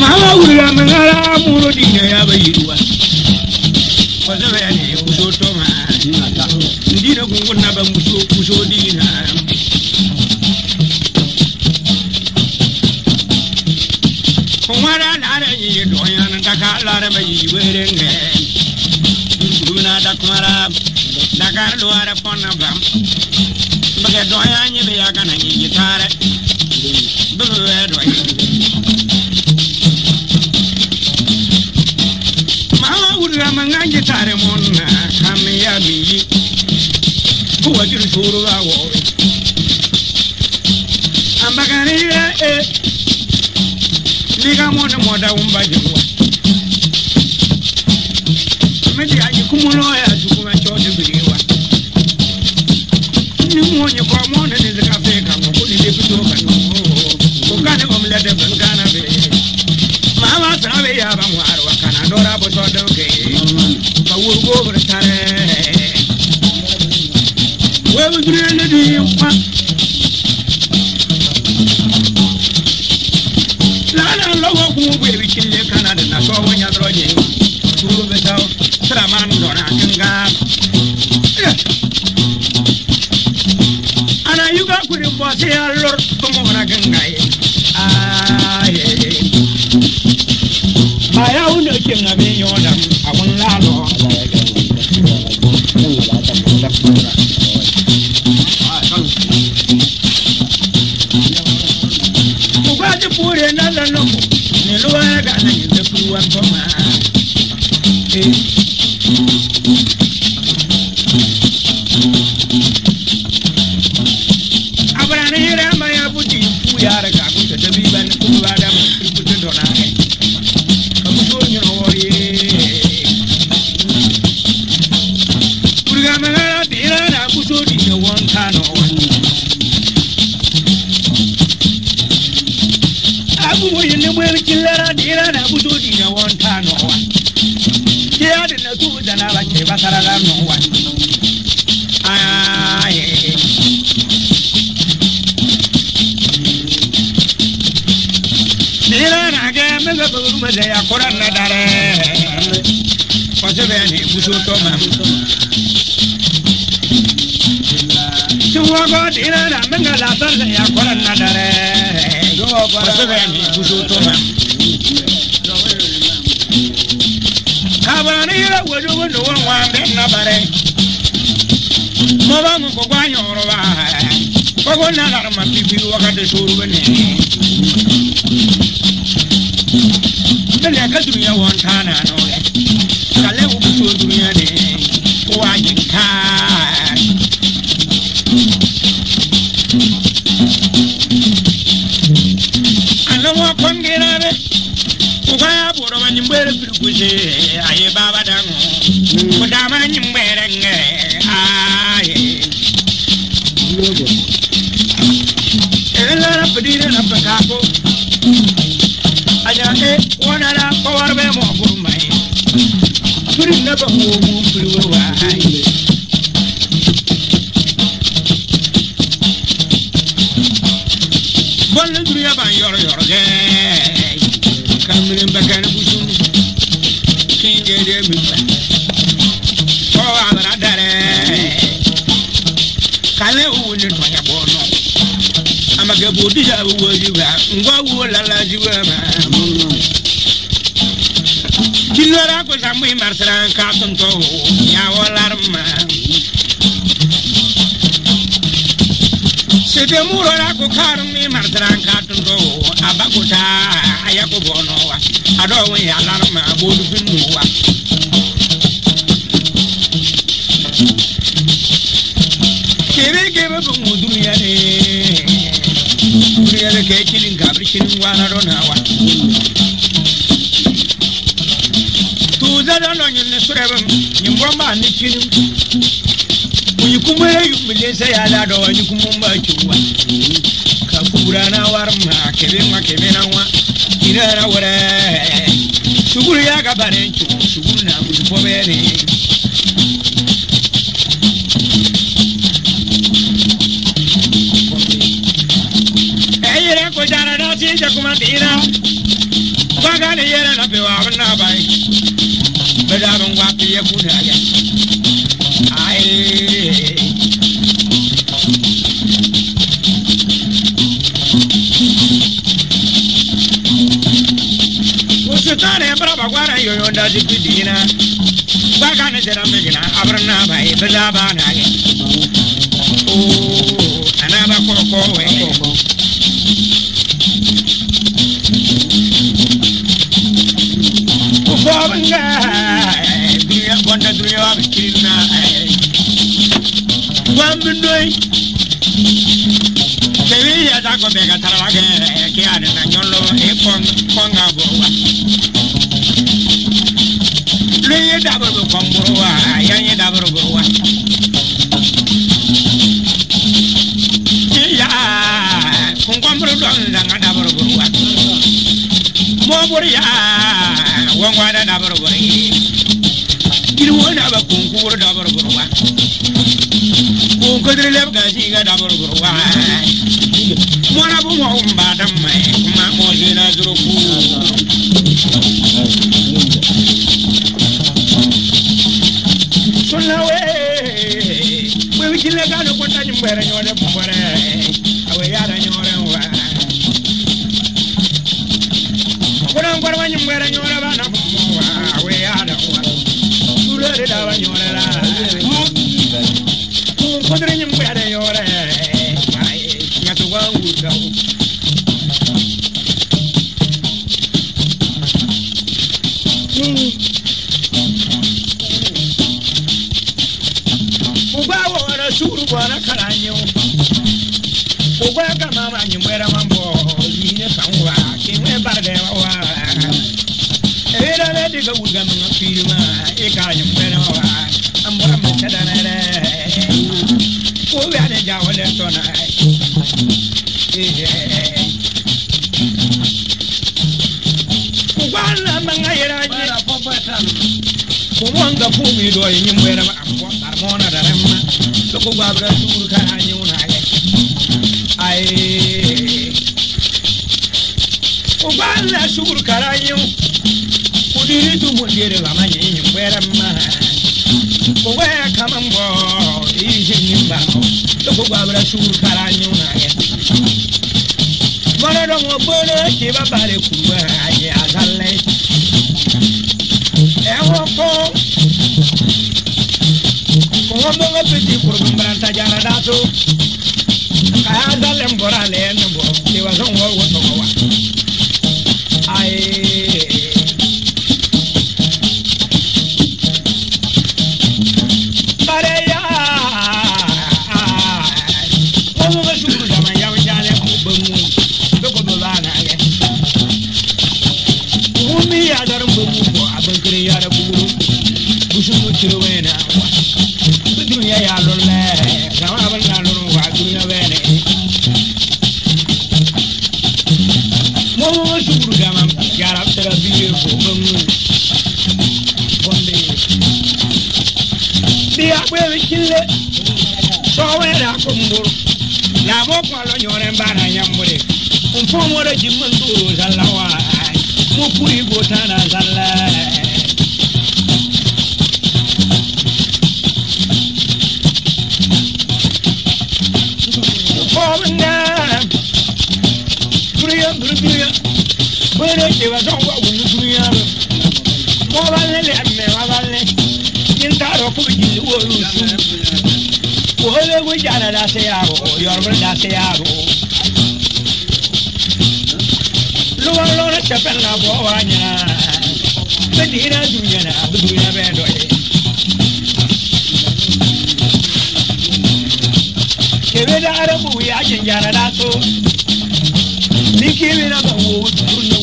mara wura mara muro di na ya bayi ruwa wanda bayani ya kuso to ma ndi da gungun na ban kuso kuso di na kumara lara yi doya na daka lara bayi were nge duna da kumara daka luwara ponna bam baga doya nyi be ngitare munna kami ya miyi kuwa jiri turu la wori ambakanira e liga mone moda umba jingwa meti aji kumuloya gobir tare wai bigire na diyin kwa lana lọwọ kun bu ebi kin le kana de na sọ wọn ya dọrọ nye kuru bɛ taa sira maa nu dɔrɔn a kan ka ana yuga kuri bɔ se ya lɔri tɔmɔ fana kan ka ye. ayau ne ke ngabe yonam awon lalo Tugaji pure na lalo ne luwa ga na ne kuwa koma eh vana vache vasalala nowani aye eh, ndiranage eh. mezabulumaze yakurana dare kwaseveni kusutoma Suwago dirana mengala tarse yakurana dare to kusutoma abara ni yɛrɛ wojo wo nowo ŋmaa bɛ na bare mɔba ŋun ko gbaa nyɔrɔ ba kɔkɔ nalara ma bibi wakati soro bɛ nɛ bɛnɛ ka dunuya wɔn taa na nɔ yɛ kale wo bi so dunuya de waa yi taa. anawa kɔngira bɛ o ka y'a bɔrɔ ba nin bɛrɛ biri gosi ayi. bɔ mo mu firi wo wɔ ahan yi. bɔnne duru yɛ ban yɔrɔ yɔrɔ dɛ kamiri bɛ kɛ ne busum kinje de mi fɛ kɔ abara dɛrɛ kale owu ne tɔɲɛ bɔ nɔ amagɛ bo dija wo wo yi wa ngɔ wo lala yi wa ma mo. Chillora ko samui marsran ka tunto ya walarma Sebe murora ko karmi marsran ka tunto abakuta ayako bonowa ado we alarma bodu binuwa Kere kere bu mudunya ne Duniya da kai kilin gabrishin wa na donawa zada no nyini surebem nyimbroma ne chinim kunyikumere yumile se yala do nyikumumba chuwa kakurana warma ma. kebena wa irara wore suguru ya gabare nchu suguru na kuzipobere e eyire kojara na sinje kumandira bagane yere na bewa na bai bedarun wa kiye Yeah. ko be ka tara ke eh, ke ade na nyolo e kon kon ga bo wa le ye da bo ko ah. kon bo wa ya ye da bo bo wa ya kon kon bo do na ga da bo bo wa mo bo ya won wa da da bo bo ni iru na ba kon ko da kudiri lem ka ji ga dabur gurwa mwana bu mo umba dam mai kuma mo jina zuru ku sunna we we wi jile ga no kwanta ni mbere nyore mbere awe yara nyore wa kuna ngwarwa ni mbere nyore bana kuwa awe yara wa tulere da nyore la karanyo ogwa ka mama nyimwera mambo yine kanwa kimwe barde wa era le diga wuga mga firma e ka nyimwera wa ambo amchada nere ogwa ne jawle tona ogwa la mga yera je kumwanga fumi do yimwera ambo armona darem ko gwabra tumur ka hanyi wuna ale ai ko gwabra tumur ka hanyi kudiri tumur dire la ma nyi nyi kwera ma ko wa kama mbo iji nyi mba ko gwabra tumur ka hanyi wuna ale bolo do bolo ke ba bare kuwa ai azale e ko wo mo ngo piti kurun branta jara datu kaya dalem borane ne bo ni wa son wo wo kile sowera kumburu labo kwalo nyore mbara nyambure mfumore jimanduru zalawa mupuri gotana zala Omna Priya Priya Priya Priya nyaro mo balle le amme ma balle in taro ko ji wo ru su wo le wo jana da se yaro yor bal da se yaro lu wa lo na na bo wa nya be dira dunya na dunya be do e kebe da arabu ya jinjara da so ni kebe na ba wo dunya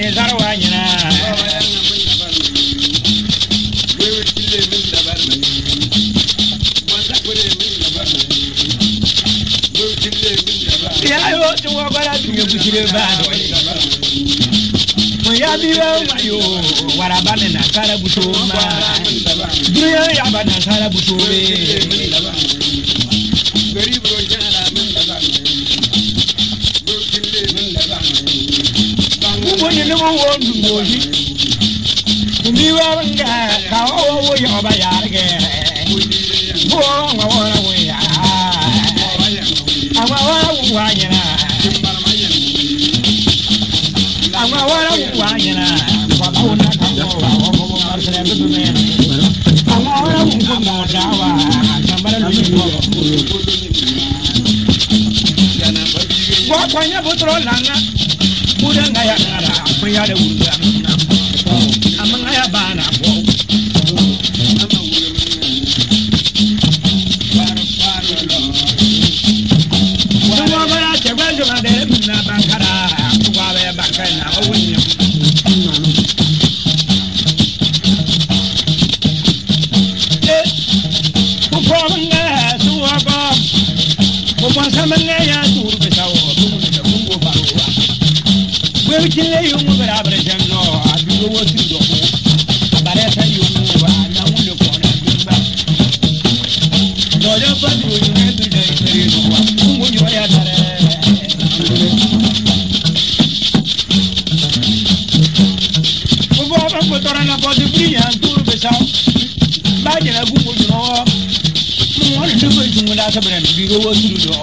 ne zarwa nyina yayo tiwagwara tinye kuchire bado wo ndumoji ndi wa nga ka wo wo yo ba ya ge wo nga wo na wo ya ama wa wo wa nyina ama wa wo wa nyina wa ko na ka wo wa wo wo ma sele be du me ama wa wo ko na da wa ka mara lu ni wo wa ko nya butro langa wuda nga kara afun ya da wuda na amma nga ya ba na bo Tuwa bara te gwa juma de na bankara tuwa be bankara na wunya wucile yomu bara bara janno adugo wotu dogo abare ta na wule kona wa kungu yo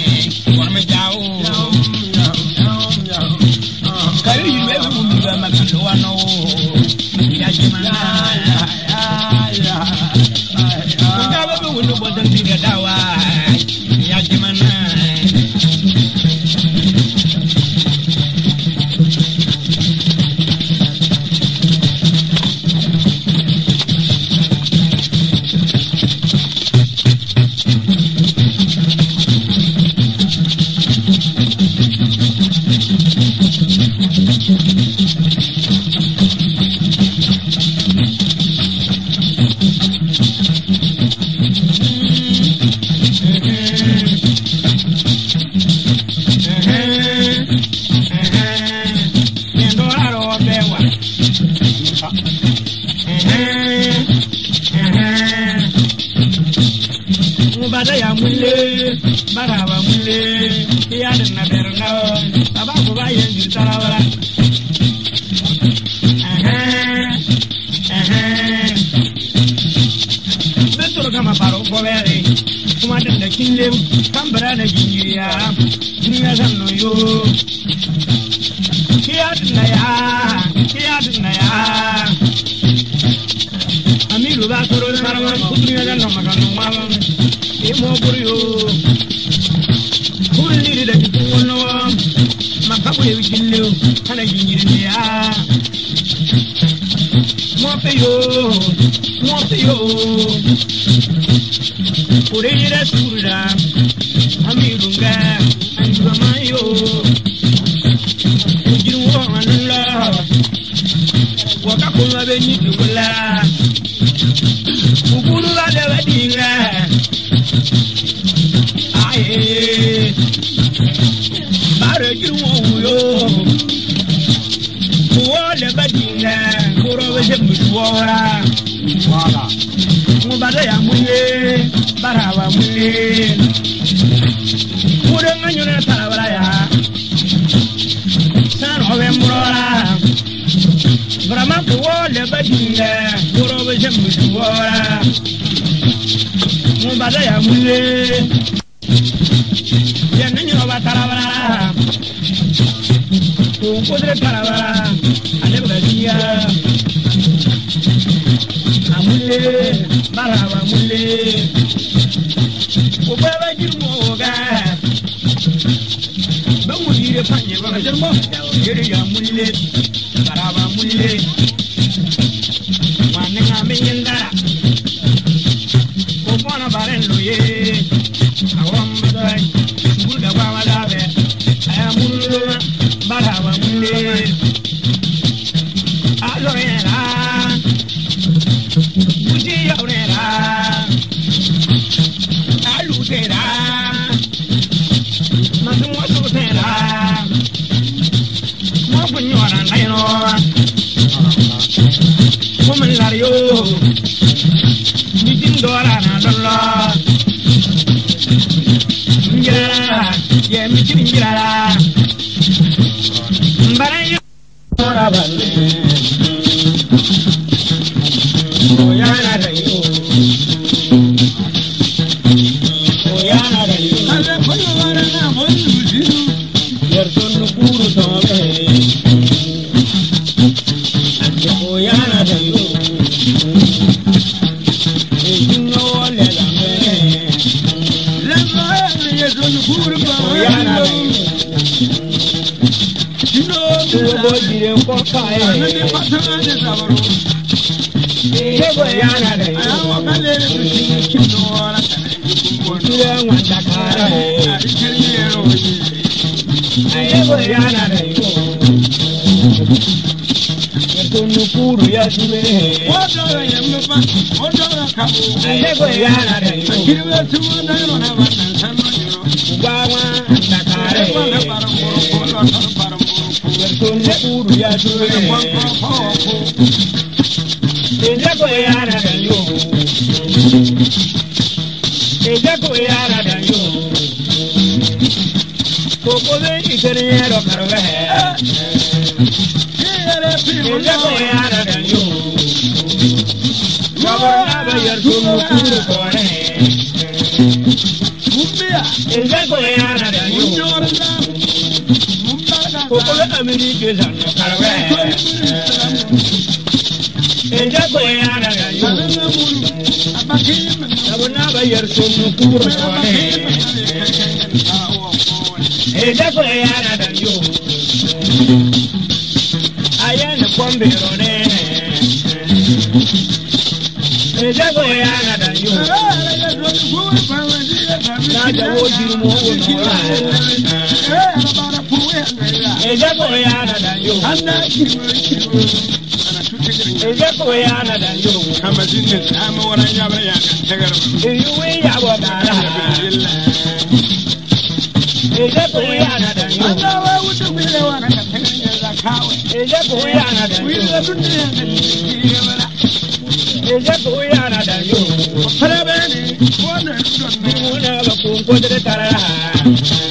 ba kuro sarawa da sura amirunga anjuma yo jirwa anla wa ka kuma be areki wuyo wole badinga kurobese musuwora mubada ya muye baraba muye kurenga na tarabara ya we murora vrama kuwole badinga kurobese musuwora mubada ya muye kodire paraba ale bɛ ka diya a mule maraba mule o bɛɛ bɛ jiri mɔgɔ kɛ bɛ mun yiri pan ye bɛɛ bɛ jiri mɔgɔ yiri ya mule maraba mule wa ne ka mi o bɔnna baara in lo Kuru ya sube. Odora tonde kuru ya ture ejako eyara danyo ejako eyara danyo kokobe ikere yero karobe ejako eyara danyo yabara bayar kuru kuru kore ejako eyara mi ni ke la ni karwe eja ko ya na ga yo sabo na ba yer so no kuro ne eja da yo aya na pombe ro ne da yo Eje koya na danyo. Anna Eje koya na danyo. Kamazin ne amma waran ya bar ya kan tagar. koya na danyo. Allah wa wuce gure koya na danyo. Wi da tun ne da koya na danyo. Fara bane ko na don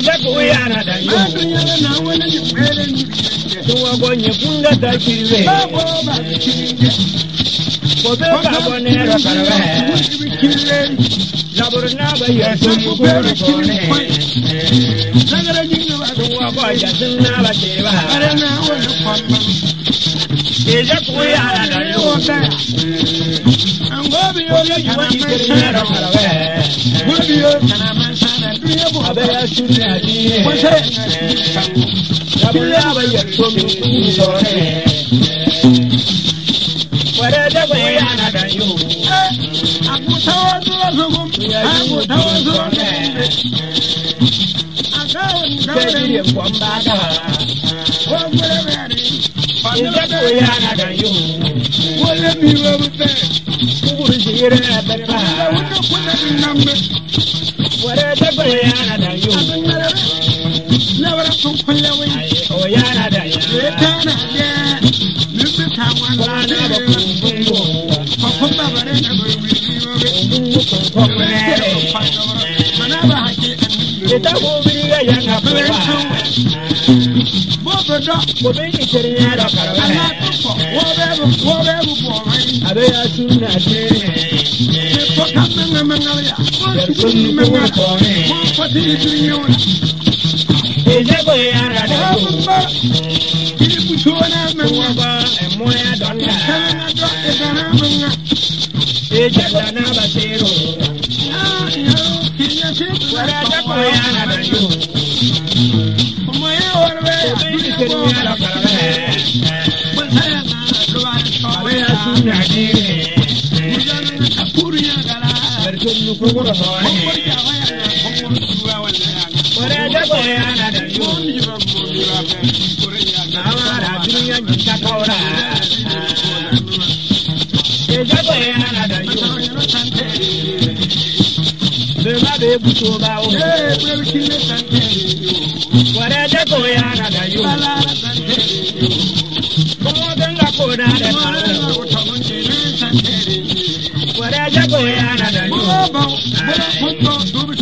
ko na da yi tuwa gonye kunga da kirwe kobe ka bone ro karwe labur na bayo to mu goro kone sangara jinga wa tuwa ko ya sunna ba ke ba are na wona ko ke ja ko yana da yi Wọ́n lé mi wọ́n fẹ́. yirna barna be be one, two, three, four, five. One, two, three, four, five. Whatever go on, I got you. Come on, then I go down. Buenas, the? buenas,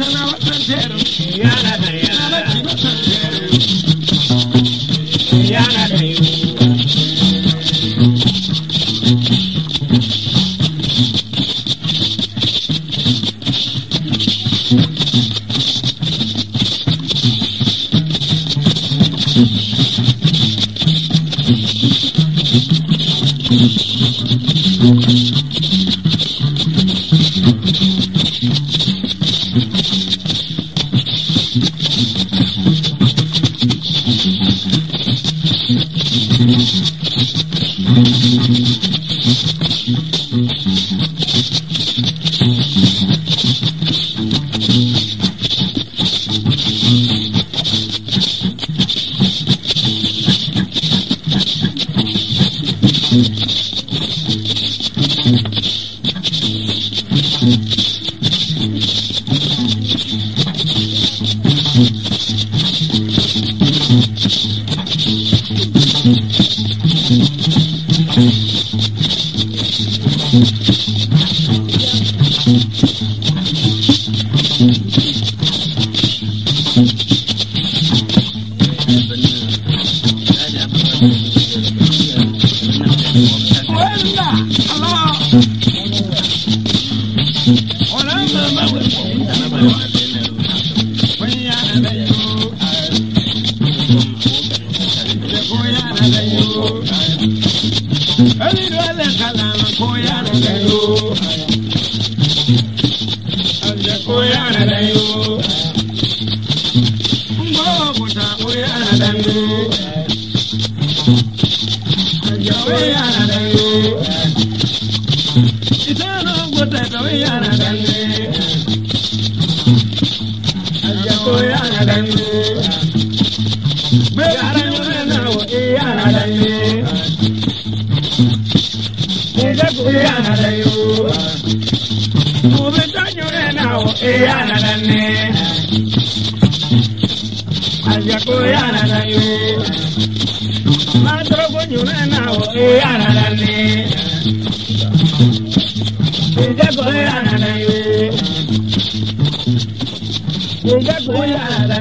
Thank you. Venga, alabado. Uh, iyana da yo mube tanyure nawo iyana da ne aja ko iyana da yo matro ko nyure nawo iyana da ne ija ko iyana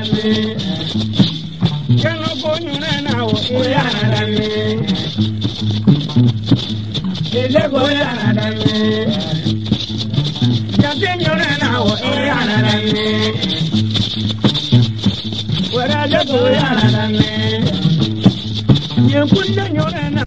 ko yàrá dànù. Jàpé nyọ̀rọ̀ náà wọ̀ ẹ́ yàrá dànù. Wẹ̀rẹ̀ ajẹ́ ko yàrá dànù. Yẹ̀kú ndé nyọ̀rọ̀ náà.